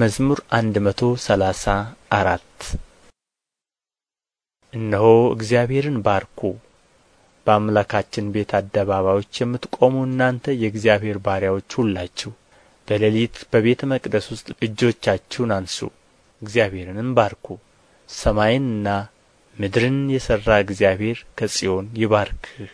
መዝሙር መቶ ሰላሳ አራት እነሆ እግዚአብሔርን ባርኩ በአምላካችን ቤት አደባባዮች የምትቆሙ እናንተ የእግዚአብሔር ባሪያዎች ሁላችሁ በሌሊት በቤተ መቅደስ ውስጥ እጆቻችሁን አንሱ እግዚአብሔርንም ባርኩ ሰማይንና ምድርን የሠራ እግዚአብሔር ከጽዮን ይባርክህ